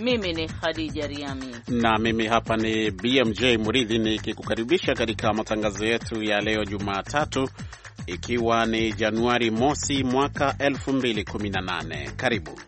mimi ni Khadija Riami na mimi hapa ni BMJ Muridhi nikikukaribisha katika matangazo yetu ya leo Jumatatu, ikiwa ni Januari mosi mwaka 2018. Karibu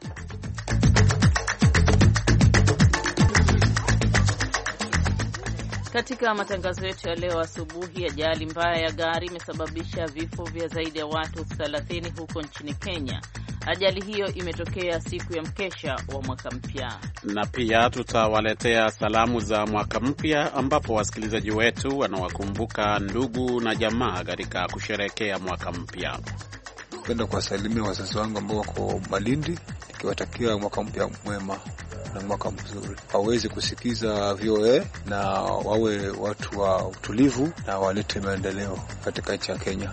katika matangazo yetu ya leo asubuhi. Ajali mbaya ya gari imesababisha vifo vya zaidi ya watu 30 huko nchini Kenya Ajali hiyo imetokea siku ya mkesha wa mwaka mpya, na pia tutawaletea salamu za mwaka mpya ambapo wasikilizaji wetu wanawakumbuka ndugu na jamaa katika kusherehekea mwaka mpya. Napenda kuwasalimia wazazi wangu ambao wako Malindi, nikiwatakia mwaka mpya mwema na mwaka mzuri. Waweze kusikiza VOA na wawe watu wa utulivu na walete maendeleo katika nchi ya Kenya.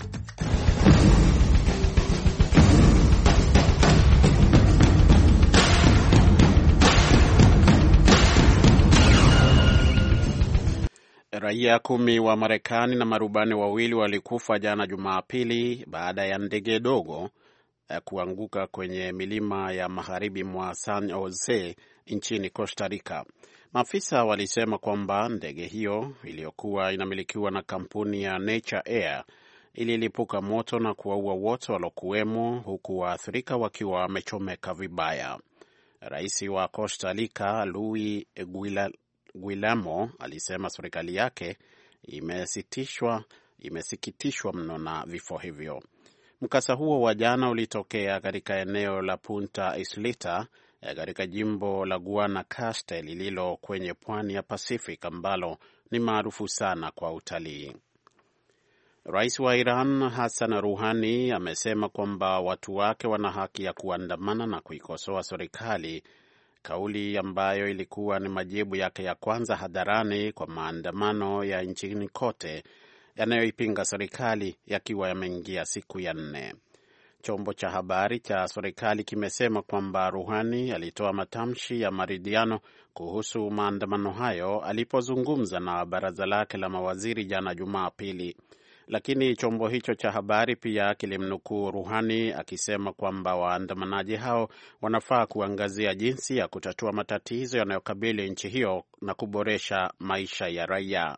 Raia kumi wa Marekani na marubani wawili walikufa jana Jumapili baada ya ndege dogo eh, kuanguka kwenye milima ya magharibi mwa San Jose nchini Costa Rica. Maafisa walisema kwamba ndege hiyo iliyokuwa inamilikiwa na kampuni ya Nature Air ililipuka moto na kuwaua wote waliokuwemo, huku waathirika wakiwa wamechomeka vibaya. Rais wa Costa Rica Luis Guillermo alisema serikali yake imesitishwa imesikitishwa mno na vifo hivyo. Mkasa huo wa jana ulitokea katika eneo la Punta Islita eh, katika jimbo la Guanacaste lililo kwenye pwani ya Pacific ambalo ni maarufu sana kwa utalii. Rais wa Iran Hassan ruhani amesema kwamba watu wake wana haki ya kuandamana na kuikosoa serikali kauli ambayo ilikuwa ni majibu yake ya kwanza hadharani kwa maandamano ya nchini kote yanayoipinga serikali yakiwa yameingia siku ya nne. Chombo cha habari cha serikali kimesema kwamba Ruhani alitoa matamshi ya maridhiano kuhusu maandamano hayo alipozungumza na baraza lake la mawaziri jana Jumapili. Lakini chombo hicho cha habari pia kilimnukuu Ruhani akisema kwamba waandamanaji hao wanafaa kuangazia jinsi ya kutatua matatizo yanayokabili nchi hiyo na kuboresha maisha ya raia.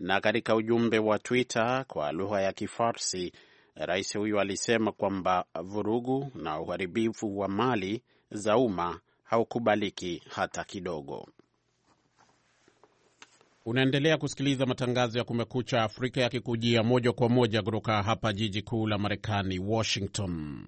Na katika ujumbe wa Twitter kwa lugha ya Kifarsi, rais huyu alisema kwamba vurugu na uharibifu wa mali za umma haukubaliki hata kidogo. Unaendelea kusikiliza matangazo ya Kumekucha Afrika yakikujia moja kwa moja kutoka hapa jiji kuu la Marekani, Washington.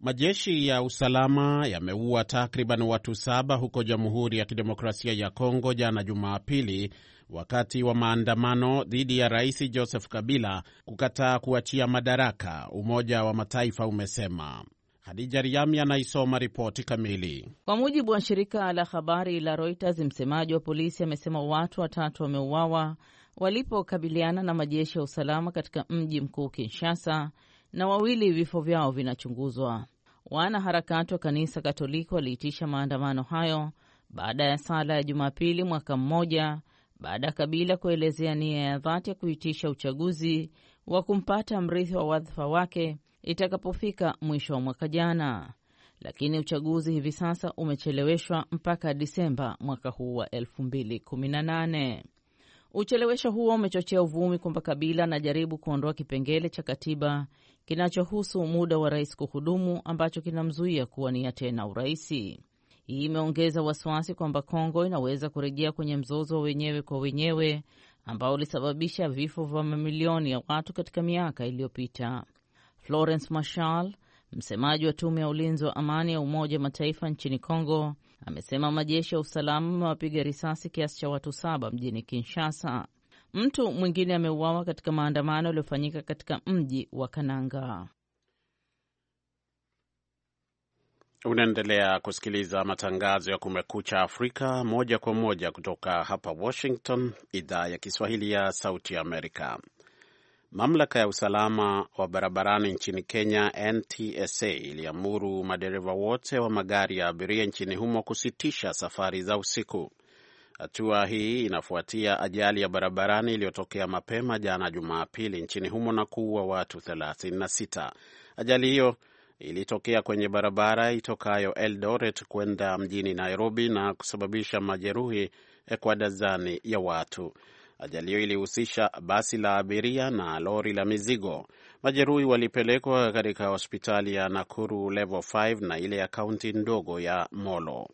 Majeshi ya usalama yameua takriban watu saba huko Jamhuri ya Kidemokrasia ya Kongo jana Jumapili, wakati wa maandamano dhidi ya Rais Joseph Kabila kukataa kuachia madaraka, Umoja wa Mataifa umesema. Hadija Riami anaisoma ripoti kamili. Kwa mujibu wa shirika la habari la Reuters, msemaji wa polisi amesema watu watatu wameuawa walipokabiliana na majeshi ya usalama katika mji mkuu Kinshasa, na wawili vifo vyao vinachunguzwa. Wanaharakati wa kanisa Katoliki waliitisha maandamano hayo baada ya sala ya Jumapili, mwaka mmoja baada ya Kabila kuelezea nia ya dhati ya kuitisha uchaguzi wa kumpata mrithi wa wadhifa wake itakapofika mwisho wa mwaka jana, lakini uchaguzi hivi sasa umecheleweshwa mpaka Disemba mwaka huu wa 2018. Uchelewesho huo umechochea uvumi kwamba Kabila anajaribu kuondoa kipengele cha katiba kinachohusu muda wa rais kuhudumu ambacho kinamzuia kuwania tena uraisi. Hii imeongeza wasiwasi kwamba Kongo inaweza kurejea kwenye mzozo wa wenyewe kwa wenyewe ambao ulisababisha vifo vya mamilioni ya watu katika miaka iliyopita. Florence marshal msemaji wa tume ya ulinzi wa amani ya Umoja wa Mataifa nchini Kongo, amesema majeshi ya usalama amewapiga risasi kiasi cha watu saba mjini Kinshasa. Mtu mwingine ameuawa katika maandamano yaliyofanyika katika mji wa Kananga. Unaendelea kusikiliza matangazo ya Kumekucha Afrika moja kwa moja kutoka hapa Washington, idhaa ya Kiswahili ya Sauti ya Amerika. Mamlaka ya usalama wa barabarani nchini Kenya, NTSA, iliamuru madereva wote wa magari ya abiria nchini humo kusitisha safari za usiku. Hatua hii inafuatia ajali ya barabarani iliyotokea mapema jana Jumapili nchini humo na kuua watu 36. Ajali hiyo ilitokea kwenye barabara itokayo Eldoret kwenda mjini Nairobi na kusababisha majeruhi kwa dazani ya watu. Ajali hiyo ilihusisha basi la abiria na lori la mizigo. Majeruhi walipelekwa katika hospitali ya Nakuru level 5 na ile ya kaunti ndogo ya Molo.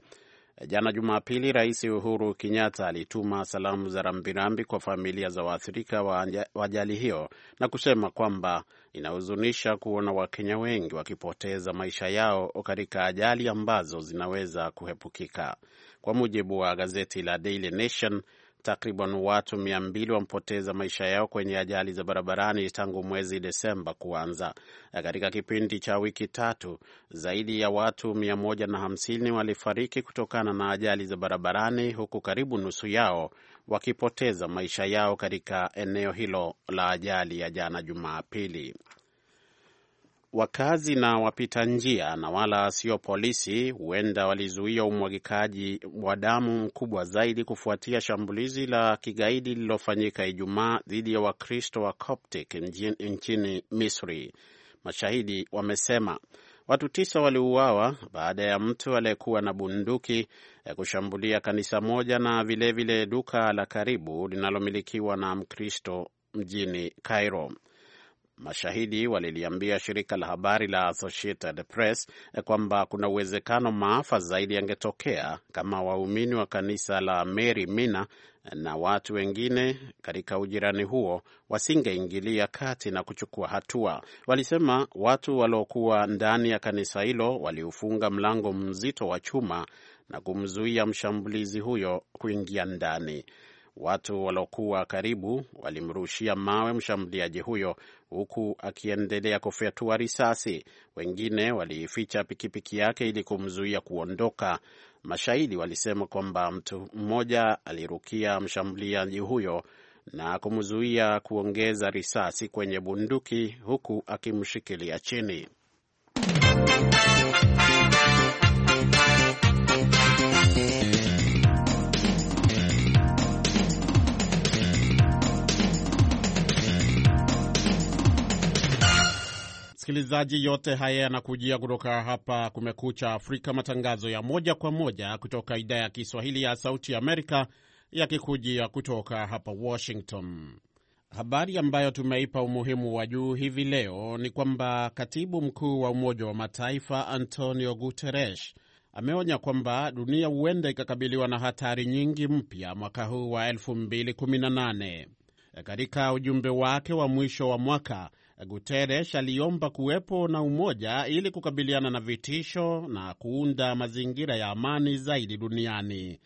Jana Jumapili, Rais Uhuru Kenyatta alituma salamu za rambirambi kwa familia za waathirika wa ajali hiyo na kusema kwamba inahuzunisha kuona Wakenya wengi wakipoteza maisha yao katika ajali ambazo zinaweza kuhepukika. Kwa mujibu wa gazeti la Daily Nation, Takriban watu mia mbili wamepoteza maisha yao kwenye ajali za barabarani tangu mwezi Desemba kuanza. Katika kipindi cha wiki tatu, zaidi ya watu na hamsini walifariki kutokana na ajali za barabarani, huku karibu nusu yao wakipoteza maisha yao katika eneo hilo la ajali ya jana Jumapili wakazi na wapita njia na wala sio polisi huenda walizuia umwagikaji wa damu mkubwa zaidi kufuatia shambulizi la kigaidi lililofanyika Ijumaa dhidi ya Wakristo wa Coptic nchini Misri. Mashahidi wamesema watu tisa waliuawa baada ya mtu aliyekuwa na bunduki eh, kushambulia kanisa moja na vilevile vile duka la karibu linalomilikiwa na Mkristo mjini Cairo. Mashahidi waliliambia shirika la habari la Associated Press kwamba kuna uwezekano maafa zaidi yangetokea kama waumini wa kanisa la Mary Mina na watu wengine katika ujirani huo wasingeingilia kati na kuchukua hatua. Walisema watu waliokuwa ndani ya kanisa hilo waliufunga mlango mzito wa chuma na kumzuia mshambulizi huyo kuingia ndani. Watu waliokuwa karibu walimrushia mawe mshambuliaji huyo huku akiendelea kufyatua risasi. Wengine waliificha pikipiki yake ili kumzuia kuondoka. Mashahidi walisema kwamba mtu mmoja alirukia mshambuliaji huyo na kumzuia kuongeza risasi kwenye bunduki huku akimshikilia chini. msikilizaji, yote haya yanakujia kutoka hapa Kumekucha Afrika, matangazo ya moja kwa moja kutoka idhaa ya Kiswahili ya Sauti Amerika, yakikujia kutoka hapa Washington. Habari ambayo tumeipa umuhimu wa juu hivi leo ni kwamba katibu mkuu wa Umoja wa Mataifa Antonio Guterres ameonya kwamba dunia huenda ikakabiliwa na hatari nyingi mpya mwaka huu wa 2018. Katika ujumbe wake wa mwisho wa mwaka Guterres aliomba kuwepo na umoja ili kukabiliana na vitisho na kuunda mazingira ya amani zaidi duniani.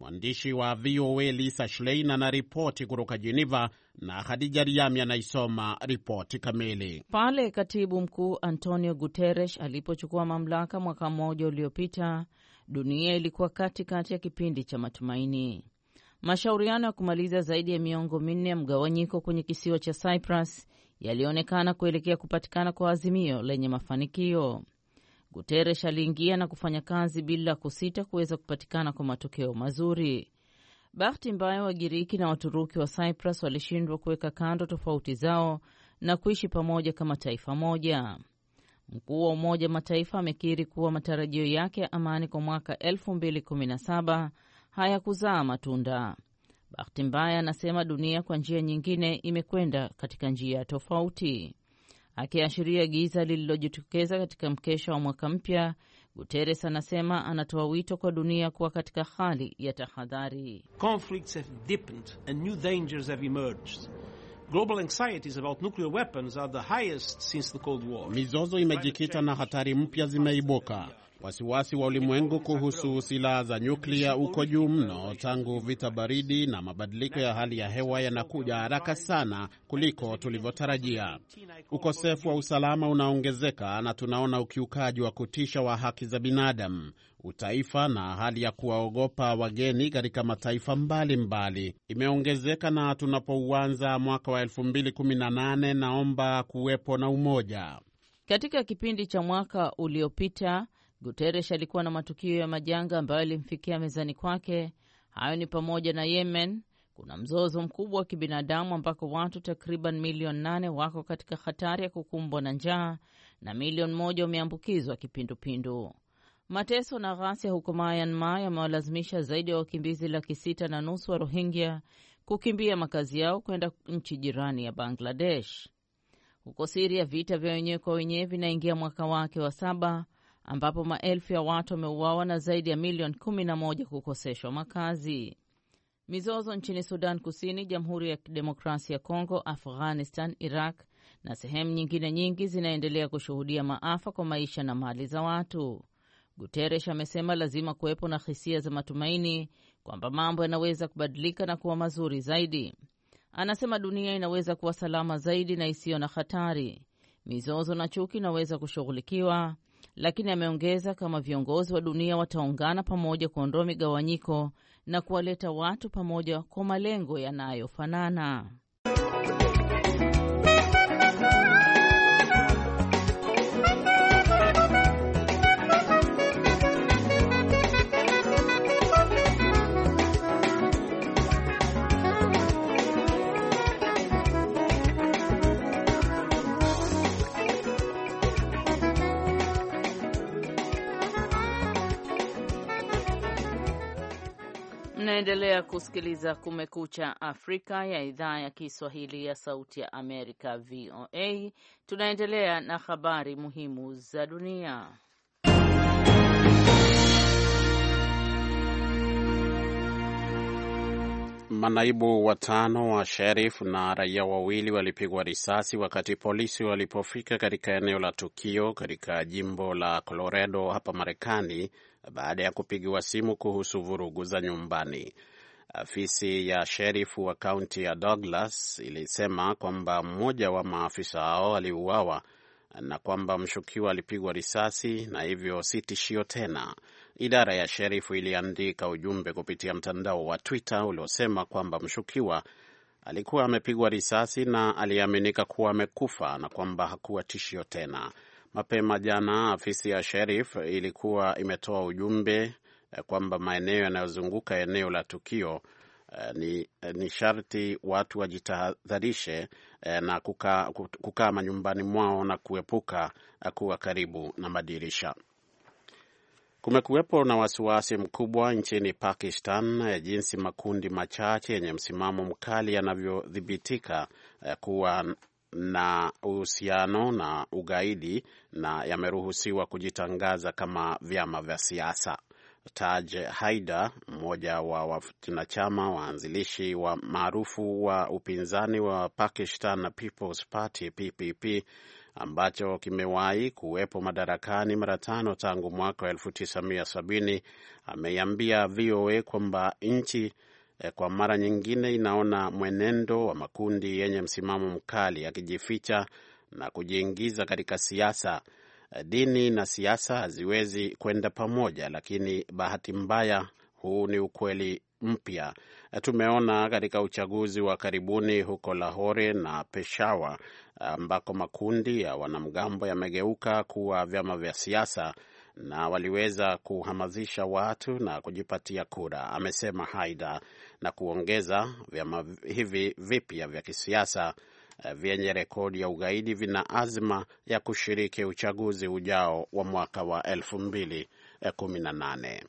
Mwandishi wa VOA Lisa Schlein anaripoti kutoka Jeneva na Khadija Riami anaisoma ripoti kamili. Pale katibu mkuu Antonio Guterres alipochukua mamlaka mwaka mmoja uliopita, dunia ilikuwa katikati kati ya kipindi cha matumaini. Mashauriano ya kumaliza zaidi ya miongo minne ya mgawanyiko kwenye kisiwa cha Cyprus yaliyoonekana kuelekea kupatikana kwa azimio lenye mafanikio. Guterres aliingia na kufanya kazi bila kusita kuweza kupatikana kwa matokeo mazuri. Bahati mbaya, Wagiriki na Waturuki wa Cyprus walishindwa kuweka kando tofauti zao na kuishi pamoja kama taifa moja. Mkuu wa Umoja Mataifa amekiri kuwa matarajio yake ya amani kwa mwaka 2017 hayakuzaa matunda. Bahati mbaya, anasema dunia kwa njia nyingine imekwenda katika njia tofauti, akiashiria giza lililojitokeza katika mkesha wa mwaka mpya. Guterres anasema anatoa wito kwa dunia kuwa katika hali ya tahadhari. Mizozo imejikita na hatari mpya zimeibuka. Wasiwasi wa ulimwengu kuhusu silaha za nyuklia uko juu mno tangu vita baridi, na mabadiliko ya hali ya hewa yanakuja haraka sana kuliko tulivyotarajia. Ukosefu wa usalama unaongezeka na tunaona ukiukaji wa kutisha wa haki za binadamu, utaifa na hali ya kuwaogopa wageni katika mataifa mbalimbali mbali imeongezeka, na tunapouanza mwaka wa 2018 naomba kuwepo na umoja katika kipindi cha mwaka uliopita Guterres alikuwa na matukio ya majanga ambayo yalimfikia mezani kwake. Hayo ni pamoja na Yemen, kuna mzozo mkubwa wa kibinadamu ambako watu takriban milioni nane wako katika hatari ya kukumbwa na njaa na milioni moja wameambukizwa kipindupindu. Mateso na ghasia huko Myanmar yamewalazimisha zaidi ya wakimbizi laki sita na nusu wa Rohingya kukimbia makazi yao kwenda nchi jirani ya Bangladesh. Huko Siria, vita vya wenyewe kwa wenyewe vinaingia mwaka wake wa saba ambapo maelfu ya watu wameuawa na zaidi ya milioni kumi na moja kukoseshwa makazi. Mizozo nchini Sudan Kusini, Jamhuri ya Kidemokrasia ya Kongo, Afghanistan, Iraq na sehemu nyingine nyingi zinaendelea kushuhudia maafa kwa maisha na mali za watu. Guterres amesema lazima kuwepo na hisia za matumaini kwamba mambo yanaweza kubadilika na kuwa mazuri zaidi. Anasema dunia inaweza kuwa salama zaidi na isiyo na hatari. Mizozo na chuki inaweza kushughulikiwa lakini ameongeza kama viongozi wa dunia wataungana pamoja kuondoa migawanyiko na kuwaleta watu pamoja kwa malengo yanayofanana. Unaendelea kusikiliza Kumekucha Afrika ya idhaa ya Kiswahili ya Sauti ya Amerika, VOA. Tunaendelea na habari muhimu za dunia. Manaibu watano wa sherif na raia wawili walipigwa risasi wakati polisi walipofika katika eneo la tukio katika jimbo la Colorado hapa Marekani baada ya kupigiwa simu kuhusu vurugu za nyumbani. Afisi ya sherifu wa kaunti ya Douglas ilisema kwamba mmoja wa maafisa hao aliuawa na kwamba mshukiwa alipigwa risasi na hivyo si tishio tena. Idara ya sherifu iliandika ujumbe kupitia mtandao wa Twitter uliosema kwamba mshukiwa alikuwa amepigwa risasi na aliaminika kuwa amekufa na kwamba hakuwa tishio tena. Mapema jana afisi ya sherif ilikuwa imetoa ujumbe eh, kwamba maeneo yanayozunguka eneo la tukio eh, ni, eh, ni sharti watu wajitahadharishe na kukaa kuka manyumbani mwao na kuepuka kuwa karibu na madirisha. Kumekuwepo na wasiwasi mkubwa nchini Pakistan jinsi makundi machache yenye msimamo mkali yanavyodhibitika kuwa na uhusiano na ugaidi na yameruhusiwa kujitangaza kama vyama vya siasa. Taj Haida, mmoja wa wanachama waanzilishi wa maarufu wa upinzani wa Pakistan People's Party PPP ambacho kimewahi kuwepo madarakani mara tano tangu mwaka wa 1970 ameiambia VOA kwamba nchi Eh, kwa mara nyingine inaona mwenendo wa makundi yenye msimamo mkali yakijificha na kujiingiza katika siasa. Eh, dini na siasa haziwezi kwenda pamoja, lakini bahati mbaya, huu ni ukweli mpya eh, tumeona katika uchaguzi wa karibuni huko Lahore na Peshawar ambako makundi ya wanamgambo yamegeuka kuwa vyama vya siasa na waliweza kuhamasisha watu na kujipatia kura, amesema Haida na kuongeza, vyama hivi vipya vya kisiasa eh, vyenye rekodi ya ugaidi vina azma ya kushiriki uchaguzi ujao wa mwaka wa 2018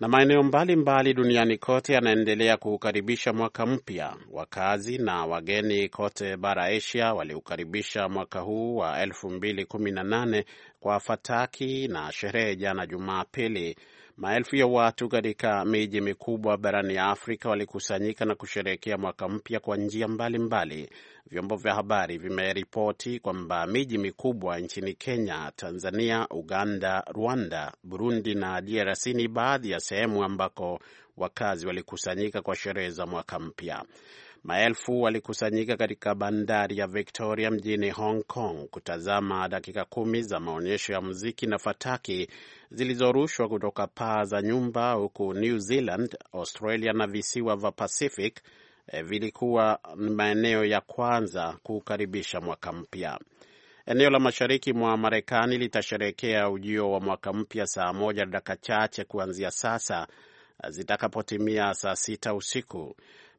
na maeneo mbalimbali duniani kote yanaendelea kuukaribisha mwaka mpya. Wakazi na wageni kote bara Asia waliukaribisha mwaka huu wa 2018 kwa fataki na sherehe jana Jumapili Maelfu ya watu katika miji mikubwa barani ya Afrika walikusanyika na kusherehekea mwaka mpya kwa njia mbalimbali. Vyombo vya habari vimeripoti kwamba miji mikubwa nchini Kenya, Tanzania, Uganda, Rwanda, Burundi na DRC ni baadhi ya sehemu ambako wakazi walikusanyika kwa sherehe za mwaka mpya. Maelfu walikusanyika katika bandari ya Victoria mjini Hong Kong kutazama dakika kumi za maonyesho ya muziki na fataki zilizorushwa kutoka paa za nyumba, huku New Zealand, Australia na visiwa vya Pacific eh, vilikuwa maeneo ya kwanza kukaribisha mwaka mpya. Eneo la mashariki mwa Marekani litasherekea ujio wa mwaka mpya saa moja dakika chache kuanzia sasa eh, zitakapotimia saa sita usiku.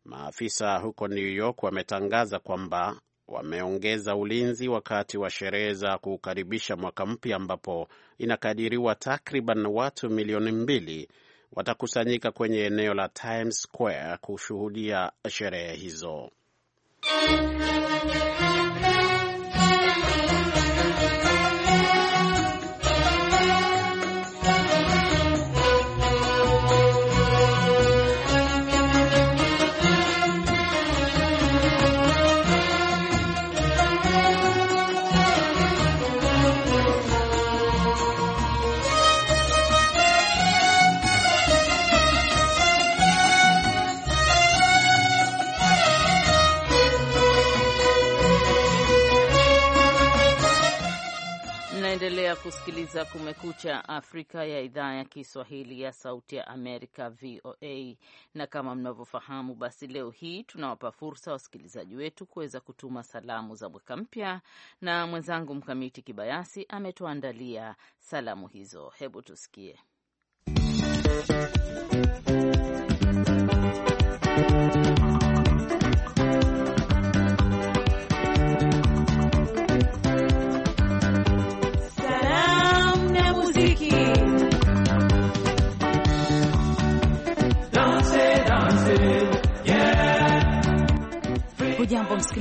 Maafisa huko New York wametangaza kwamba wameongeza ulinzi wakati wa sherehe za kukaribisha mwaka mpya ambapo inakadiriwa takriban watu milioni mbili watakusanyika kwenye eneo la Times Square kushuhudia sherehe hizo. Kumekucha Afrika ya idhaa ya Kiswahili ya Sauti ya Amerika, VOA. Na kama mnavyofahamu, basi leo hii tunawapa fursa wasikilizaji wetu kuweza kutuma salamu za mwaka mpya, na mwenzangu Mkamiti Kibayasi ametuandalia salamu hizo. Hebu tusikie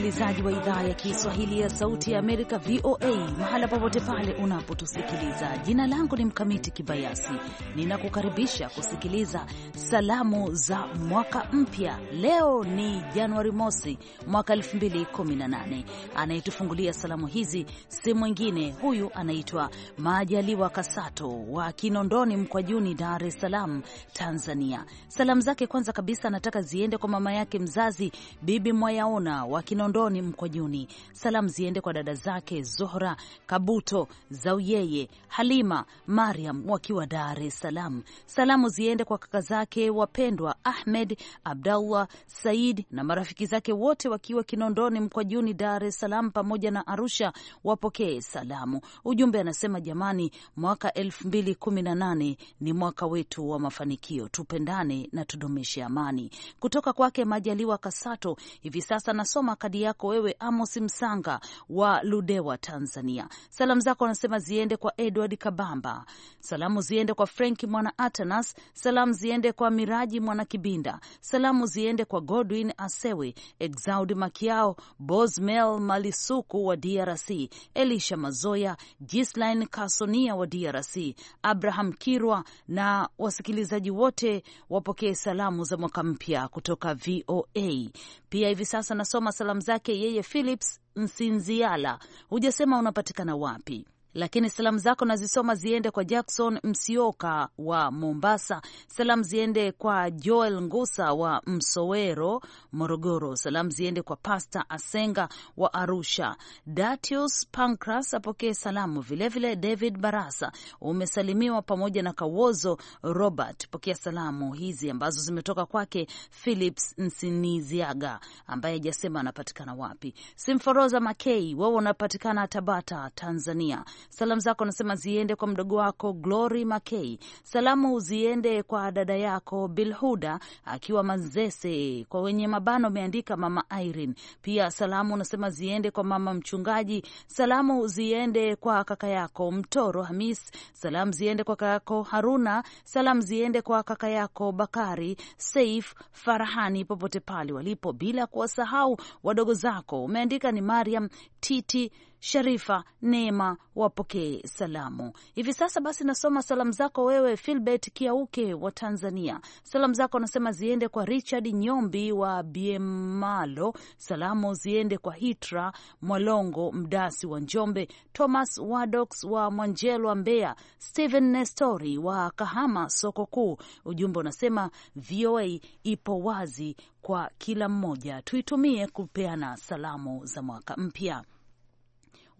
msikilizaji wa idhaa ya Kiswahili ya Sauti ya Amerika, VOA, mahala popote pale unapotusikiliza. Jina langu ni Mkamiti Kibayasi, ninakukaribisha kusikiliza salamu za mwaka mpya. Leo ni Januari mosi mwaka 2018. Anayetufungulia salamu hizi si mwingine, huyu anaitwa Majaliwa Kasato wa Kinondoni Mkwajuni, Dar es Salaam, Tanzania. Salamu zake kwanza kabisa anataka ziende kwa mama yake mzazi Bibi Mwayaona wa Kinondoni Kinondoni Mkwajuni. Salamu ziende kwa dada zake Zuhra Kabuto, Zauyeye, Halima, Mariam wakiwa Dar es Salaam. Salamu ziende kwa kaka zake wapendwa Ahmed, Abdallah, Said na marafiki zake wote wakiwa Kinondoni Mkwajuni, Dar es Salaam pamoja na Arusha, wapokee salamu. Ujumbe anasema jamani, mwaka elfu mbili kumi na nane ni mwaka wetu wa mafanikio, tupendane na tudumishe amani. Kutoka kwake Majaliwa Kasato, hivi sasa nasoma kadi yako wewe, Amos Msanga wa Ludewa, Tanzania. Salamu zako anasema ziende kwa Edward Kabamba, salamu ziende kwa Frank Mwana Atanas, salamu ziende kwa Miraji Mwana Kibinda, salamu ziende kwa Godwin Asewe, Exaud Makiao, Bosmel Malisuku wa DRC, Elisha Mazoya, Gislin Kasonia wa DRC, Abraham Kirwa na wasikilizaji wote wapokee salamu za mwaka mpya kutoka VOA. Pia hivi sasa nasoma salamu zake yeye Philips Nsinziala, hujasema unapatikana wapi lakini salamu zako nazisoma ziende kwa Jackson Msioka wa Mombasa. Salamu ziende kwa Joel Ngusa wa Msowero, Morogoro. Salamu ziende kwa Pasta Asenga wa Arusha. Datius Pancras apokee salamu vilevile. David Barasa umesalimiwa pamoja na Kawozo Robert, pokea salamu hizi ambazo zimetoka kwake Philips Nsiniziaga ambaye hajasema anapatikana wapi. Simforoza Makei, wewe unapatikana Tabata, Tanzania. Salamu zako anasema ziende kwa mdogo wako Glory Makei, salamu ziende kwa dada yako Bilhuda akiwa Manzese, kwa wenye mabano ameandika mama Irene. Pia salamu unasema ziende kwa mama mchungaji, salamu ziende kwa kaka yako Mtoro Hamis, salamu ziende kwa kaka yako Haruna, salamu ziende kwa kaka yako Bakari Saif Farahani popote pale walipo, bila kuwasahau wadogo zako umeandika ni Mariam Titi Sharifa Neema wapokee salamu hivi sasa. Basi nasoma salamu zako wewe, Filbert Kiauke wa Tanzania. Salamu zako anasema ziende kwa Richard Nyombi wa Biemalo, salamu ziende kwa Hitra Mwalongo Mdasi wa Njombe, Thomas Wadox wa Mwanjelwa Mbeya, Stephen Nestori wa Kahama soko kuu. Ujumbe unasema VOA ipo wazi kwa kila mmoja, tuitumie kupeana salamu za mwaka mpya.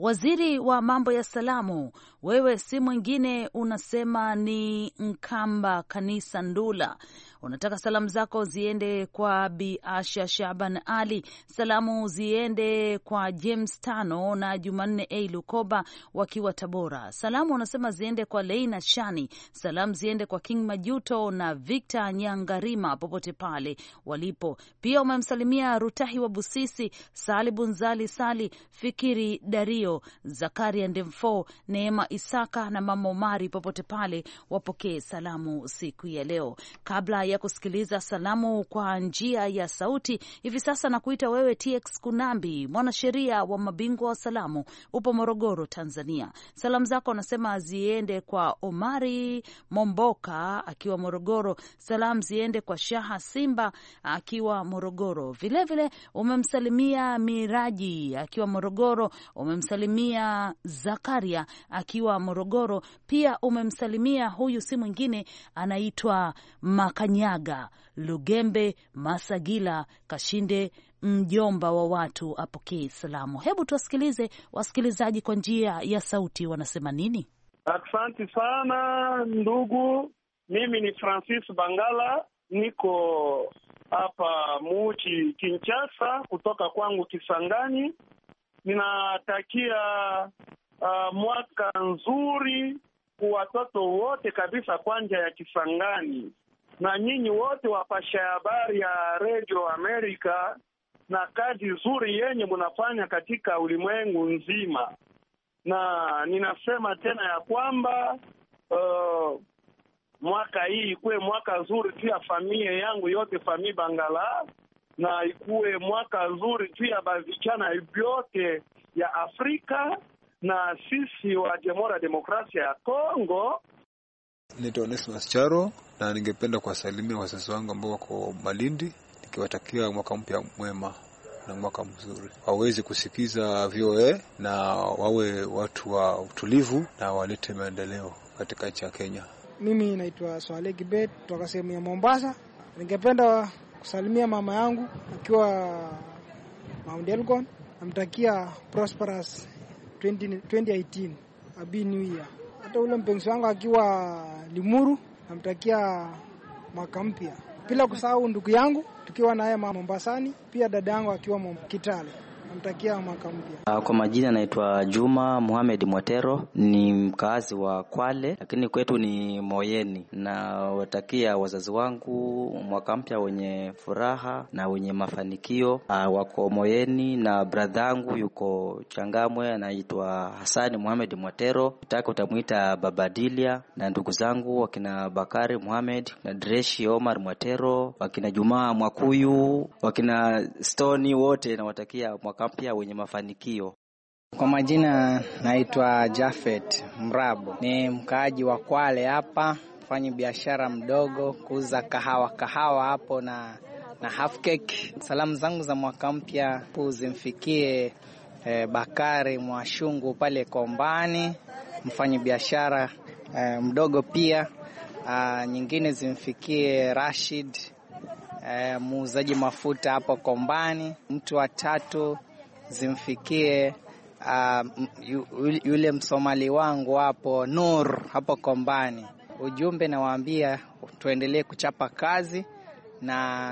Waziri wa mambo ya salamu, wewe si mwingine, unasema ni Nkamba Kanisa Ndula. Unataka salamu zako ziende kwa Bi Asha Shaban Ali, salamu ziende kwa James Tano na Jumanne A Lukoba wakiwa Tabora. Salamu unasema ziende kwa Leina Shani, salamu ziende kwa King Majuto na Victor Nyangarima popote pale walipo. Pia umemsalimia Rutahi wa Busisi, Sali Bunzali, Sali Fikiri Dario Mapendo, Zakaria Ndemfo, Neema Isaka na Mama Omari popote pale wapokee salamu siku ya leo. Kabla ya kusikiliza salamu kwa njia ya sauti, hivi sasa nakuita wewe TX Kunambi, mwanasheria wa mabingwa wa salamu, upo Morogoro, Tanzania. Salamu zako anasema ziende kwa Omari Momboka akiwa Morogoro. Salamu ziende kwa Shaha Simba akiwa Morogoro. Vilevile umemsalimia Miraji akiwa Morogoro. Umemsalimia umemsalimia Zakaria akiwa Morogoro, pia umemsalimia huyu si mwingine anaitwa Makanyaga Lugembe Masagila Kashinde mjomba wa watu apokee salamu. Hebu tuwasikilize wasikilizaji kwa njia ya sauti wanasema nini. Asante sana ndugu, mimi ni Francis Bangala, niko hapa muji kinchasa kutoka kwangu Kisangani ninatakia uh, mwaka nzuri watoto wote kabisa kwanja ya Kisangani na nyinyi wote wapasha habari ya Radio Amerika na kazi nzuri yenye mnafanya katika ulimwengu nzima, na ninasema tena ya kwamba uh, mwaka hii ikuwe mwaka nzuri tu ya familia yangu yote, familia Bangala na ikuwe mwaka nzuri ya bavichana vyote ya Afrika na sisi wa Jamhuri ya Demokrasia ya Kongo. Naitwa Onesmus Charo na ningependa kuwasalimia wazazi wangu ambao wako Malindi, nikiwatakia mwaka mpya mwema na mwaka mzuri. Waweze kusikiza VOA na wawe watu wa utulivu na walete maendeleo katika nchi ya Kenya. Mimi naitwa Swalegi Bet kutoka sehemu ya Mombasa, ningependa kusalimia mama yangu akiwa Mount Elgon. Namtakia prosperous 20, 2018 happy new year. Hata ule mpenzi wangu akiwa Limuru namtakia mwaka mpya, bila kusahau ndugu yangu tukiwa naye Mombasani, pia dada yangu akiwa Kitale namtakia mwaka mpya. Ah, kwa majina naitwa Juma Muhamed Mwatero, ni mkaazi wa Kwale, lakini kwetu ni Moyeni, na watakia wazazi wangu mwaka mpya wenye furaha na wenye mafanikio. Ah, wako Moyeni na bradhangu yuko Changamwe, anaitwa Hasani Muhamed Mwatero, utake utamwita Babadilia, na ndugu zangu wakina Bakari Muhamed na Dreshi Omar Mwatero, wakina Jumaa Mwakuyu, wakina Stoni, wote nawatakia mwaka mwaka mpya wenye mafanikio. Kwa majina naitwa Jafet Mrabu, ni mkaaji wa Kwale hapa, mfanyi biashara mdogo, kuuza kahawa kahawa hapo na na half cake. Salamu zangu za mwaka mpya zimfikie e, Bakari Mwashungu pale Kombani, mfanyi biashara e, mdogo pia. a, ah, nyingine zimfikie Rashid e, muuzaji mafuta hapo Kombani. Mtu wa tatu zimfikie uh, yule Msomali wangu hapo Nur hapo Kombani. Ujumbe nawaambia tuendelee kuchapa kazi na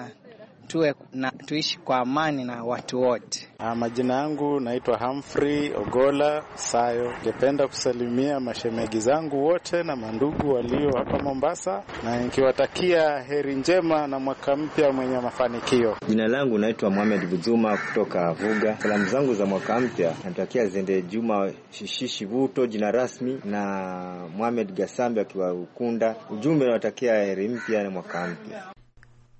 tuwe na, tuishi kwa amani na watu wote. Ah, majina yangu naitwa Humphrey Ogola Sayo. Ningependa kusalimia mashemegi zangu wote na mandugu walio hapa Mombasa, na nikiwatakia heri njema na mwaka mpya mwenye mafanikio. Jina langu naitwa Mohamed Buzuma kutoka Vuga. Salamu zangu za mwaka mpya natakia ziende Juma Shishishi vuto jina rasmi, na Mohamed Gasambi akiwa Ukunda. Ujumbe nawatakia heri mpya na mwaka mpya.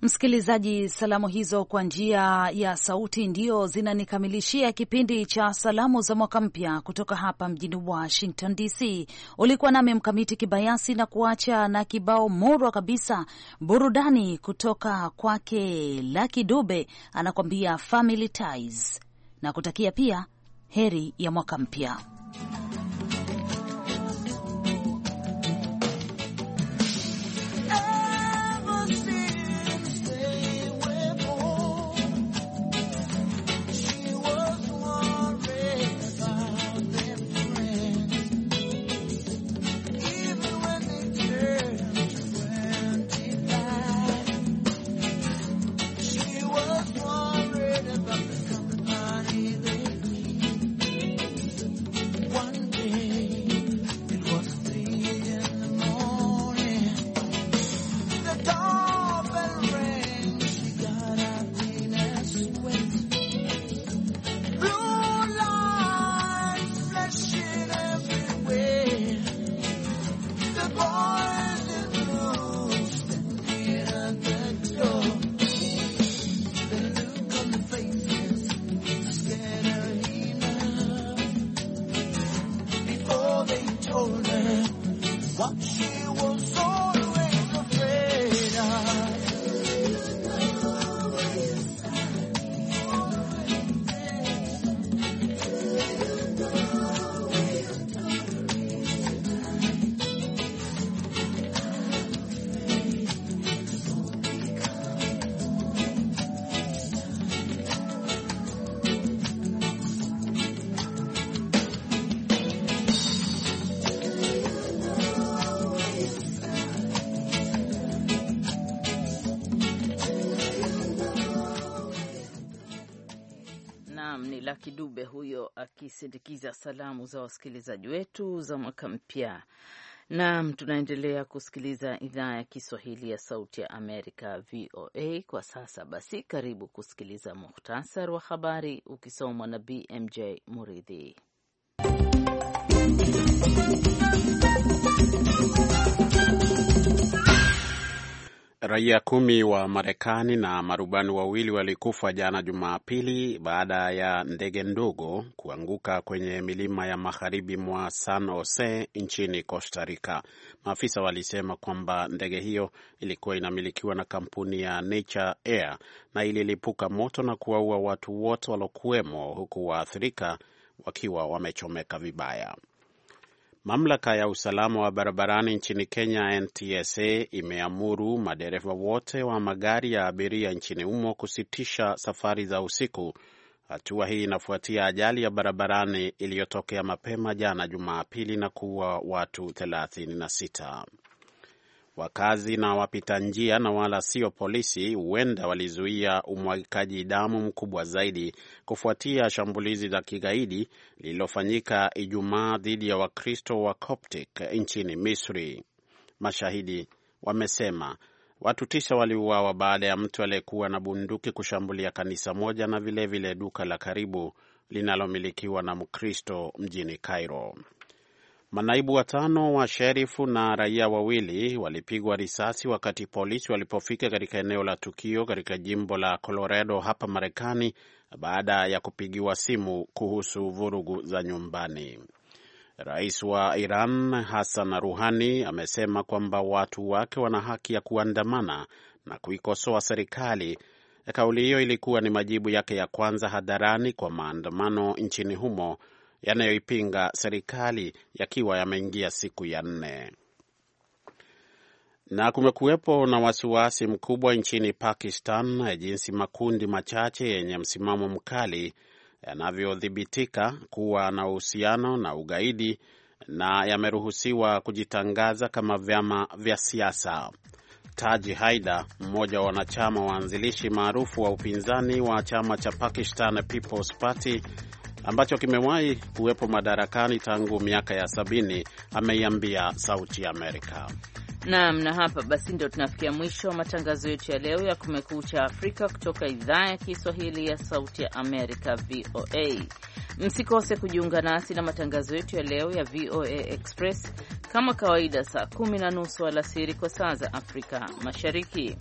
Msikilizaji, salamu hizo kwa njia ya sauti ndio zinanikamilishia kipindi cha salamu za mwaka mpya kutoka hapa mjini Washington DC. Ulikuwa nami Mkamiti Kibayasi na kuacha na kibao murwa kabisa, burudani kutoka kwake Lucky Dube, anakwambia Family Ties, na kutakia pia heri ya mwaka mpya. Kidube huyo akisindikiza salamu za wasikilizaji wetu za mwaka mpya. Naam, tunaendelea kusikiliza idhaa ya Kiswahili ya Sauti ya Amerika, VOA. Kwa sasa basi, karibu kusikiliza muhtasar wa habari ukisomwa na BMJ Muridhi. Raia kumi wa Marekani na marubani wawili walikufa jana Jumapili baada ya ndege ndogo kuanguka kwenye milima ya magharibi mwa San Jose nchini Costa Rica. Maafisa walisema kwamba ndege hiyo ilikuwa inamilikiwa na kampuni ya Nature Air na ililipuka moto na kuwaua watu wote walokuwemo, huku waathirika wakiwa wamechomeka vibaya. Mamlaka ya usalama wa barabarani nchini Kenya, NTSA, imeamuru madereva wote wa magari ya abiria nchini humo kusitisha safari za usiku. Hatua hii inafuatia ajali ya barabarani iliyotokea mapema jana Jumapili na kuua watu 36. Wakazi na wapita njia na wala sio polisi huenda walizuia umwagikaji damu mkubwa zaidi kufuatia shambulizi la kigaidi lililofanyika Ijumaa dhidi ya Wakristo wa Coptic nchini Misri. Mashahidi wamesema watu tisa waliuawa baada ya mtu aliyekuwa na bunduki kushambulia kanisa moja na vilevile vile duka la karibu linalomilikiwa na Mkristo mjini Cairo. Manaibu watano wa sherifu na raia wawili walipigwa risasi wakati polisi walipofika katika eneo la tukio katika jimbo la Colorado hapa Marekani baada ya kupigiwa simu kuhusu vurugu za nyumbani. Rais wa Iran Hassan Ruhani amesema kwamba watu wake wana haki ya kuandamana na kuikosoa serikali. Kauli hiyo ilikuwa ni majibu yake ya kwanza hadharani kwa maandamano nchini humo yanayoipinga serikali yakiwa yameingia siku ya nne. Na kumekuwepo na wasiwasi mkubwa nchini Pakistan jinsi makundi machache yenye msimamo mkali yanavyothibitika kuwa na uhusiano na ugaidi na yameruhusiwa kujitangaza kama vyama vya siasa. Taji Haida, mmoja wa wanachama waanzilishi maarufu wa upinzani wa chama cha Pakistan People's Party ambacho kimewahi kuwepo madarakani tangu miaka ya sabini, ameiambia Sauti ya Amerika. Naam, na hapa basi ndio tunafikia mwisho wa matangazo yetu ya leo ya Kumekucha Afrika kutoka idhaa ya Kiswahili ya Sauti ya Amerika, VOA. Msikose kujiunga nasi na matangazo yetu ya leo ya VOA Express kama kawaida, saa kumi na nusu alasiri kwa saa za Afrika Mashariki.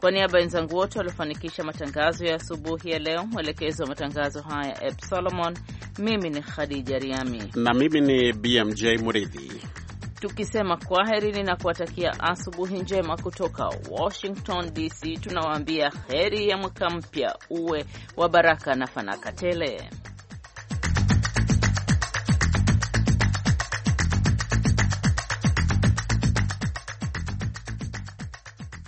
Kwa niaba ya wenzangu wote waliofanikisha matangazo ya asubuhi ya leo, mwelekezi wa matangazo haya Eb Solomon, mimi ni Khadija Riami na mimi ni BMJ Muridhi, tukisema kwaherini na kuwatakia asubuhi njema kutoka Washington DC. Tunawaambia heri ya mwaka mpya, uwe wa baraka na fanaka tele.